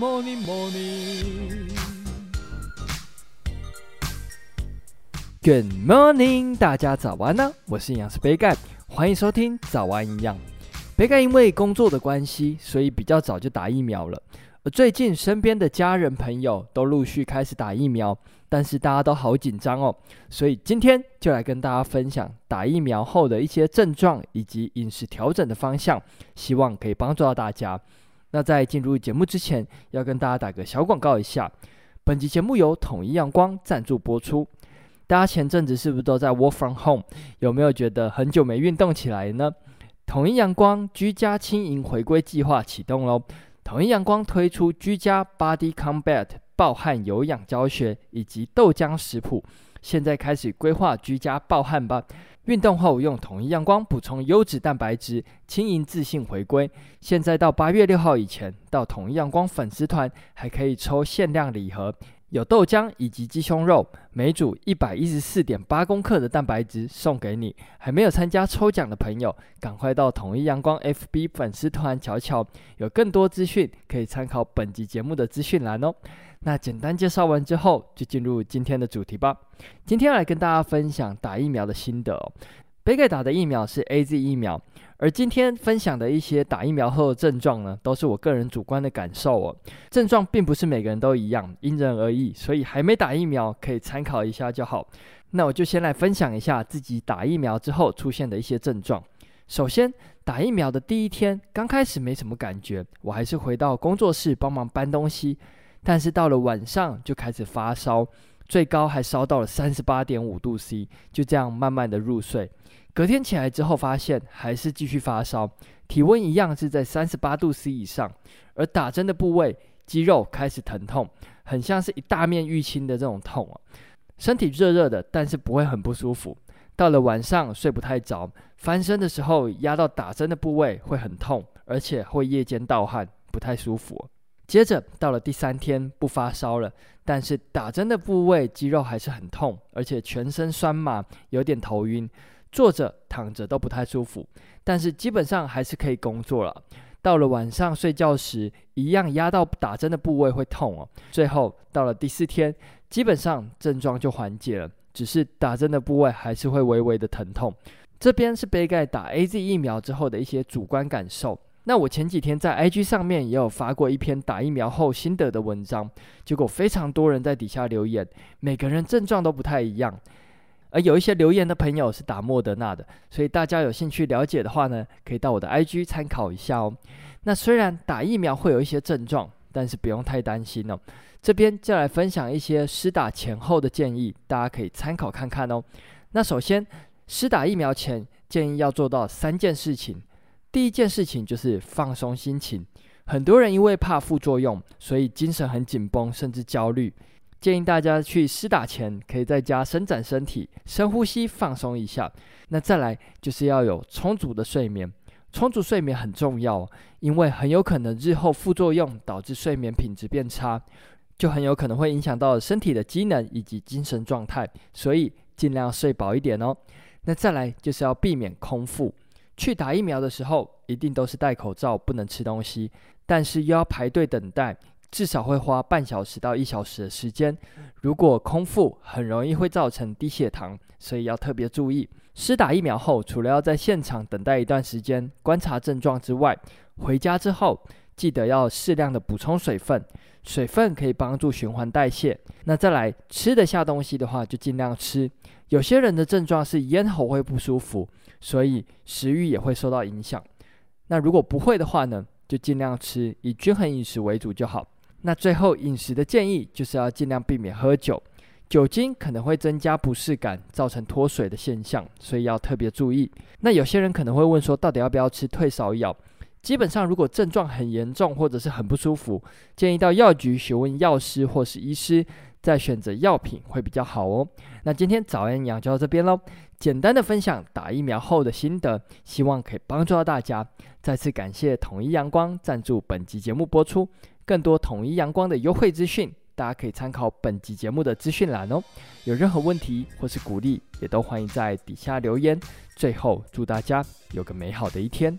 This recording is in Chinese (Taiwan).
Morning, morning. Good morning, 大家早安呢、啊！我是營養師杯蓋，歡迎收聽早安營養。杯蓋因為工作的關係，所以比較早就打疫苗了。而最近身邊的家人朋友都陸續開始打疫苗，但是大家都好緊張哦。所以今天就來跟大家分享打疫苗後的一些症狀以及飲食調整的方向，希望可以幫助到大家。那在進入節目之前，要跟大家打個小廣告一下。本集節目由統一陽光贊助播出。大家前陣子是不是都在 Work from Home？有沒有覺得很久沒運動起來呢？統一陽光居家輕盈回歸計劃啟動嘍！統一陽光推出居家 Body Combat 暴汗有氧教學以及豆漿食譜。現在開始規劃居家暴汗吧！運動後用統一陽光補充優質蛋白質，輕盈自信回歸。現在到八月六號以前到統一陽光粉絲團，還可以抽限量禮盒。有豆漿以及雞胸肉，每一組一百一十四點八公克的蛋白質送給你。還沒有參加抽獎的朋友，趕快到統一陽光 FB 粉絲團瞧瞧，有更多資訊可以參考本集節目的資訊欄哦。那簡單介紹完之後，就進入今天的主題吧。今天要來跟大家分享打疫苗的心得哦。杯蓋打的疫苗是 AZ 疫苗。而今天分享的一些打疫苗後的症狀呢，都是我個人主觀的感受哦。症狀並不是每個人都一樣，因人而異，所以還沒打疫苗可以參考一下就好。那我就先來分享一下自己打疫苗之後出現的一些症狀。首先，打疫苗的第一天剛開始沒什麼感覺，我還是回到工作室幫忙搬東西，但是到了晚上就開始發燒。最高還燒到了三十八點五度 C，就這樣慢慢的入睡。隔天起來之後，發現還是繼續發燒，體溫一樣是在三十八度 C 以上。而打針的部位肌肉開始疼痛，很像是一大面淤青的這種痛啊。身體熱熱的，但是不會很不舒服。到了晚上睡不太着，翻身的時候壓到打針的部位會很痛，而且會夜間盜汗，不太舒服。接着到了第三天，不發燒了，但是打針的部位肌肉還是很痛，而且全身痠麻，有點頭暈，坐着躺着都不太舒服，但是基本上還是可以工作了。到了晚上睡覺時，一樣壓到打針的部位會痛哦。最後到了第四天，基本上症狀就緩解了，只是打針的部位還是會微微的疼痛。這邊是杯蓋打 AZ 疫苗之後的一些主觀感受。那我前幾天在 IG 上面也有發過一篇打疫苗後心得的文章，結果非常多人在底下留言，每個人症狀都不太一樣，而有一些留言的朋友是打莫德納的，所以大家有興趣了解的話呢，可以到我的 IG 參考一下哦。那雖然打疫苗會有一些症狀，但是不用太擔心哦。這邊再來分享一些施打前後的建議，大家可以參考看看哦。那首先，施打疫苗前建議要做到三件事情。第一件事情就是放鬆心情，很多人因為怕副作用，所以精神很緊繃，甚至焦慮。建議大家去施打前，可以在家伸展身體、深呼吸，放鬆一下。那再來就是要有充足的睡眠，充足睡眠很重要哦，因為很有可能日後副作用導致睡眠品質變差，就很有可能會影響到身體的機能以及精神狀態，所以盡量睡飽一點哦。那再來就是要避免空腹。去打疫苗的時候，一定都是戴口罩，不能吃東西，但是又要排隊等待，至少會花半小時到一小時的時間。如果空腹，很容易會造成低血糖，所以要特別注意。施打疫苗後，除了要在現場等待一段時間觀察症狀之外，回家之後記得要適量的補充水分，水分可以幫助循環代謝。那再來，吃得下東西的話，就儘量吃。有些人的症狀是咽喉會不舒服。所以食慾也會受到影響。那如果不會的話呢，就盡量吃，以均衡飲食為主就好。那最後飲食的建議就是要盡量避免喝酒，酒精可能會增加不適感，造成脫水的現象，所以要特別注意。那有些人可能會問說，到底要不要吃退燒藥？基本上，如果症狀很嚴重或者是很不舒服，建議到藥局詢問藥師或是醫師，再選擇藥品會比較好哦。那今天早安營養就到這邊嘍。簡單的分享打疫苗後的心得，希望可以幫助到大家。再次感謝統一陽光贊助本集節目播出，更多統一陽光的優惠資訊，大家可以參考本集節目的資訊欄哦。有任何問題或是鼓勵，也都歡迎在底下留言。最後，祝大家有個美好的一天。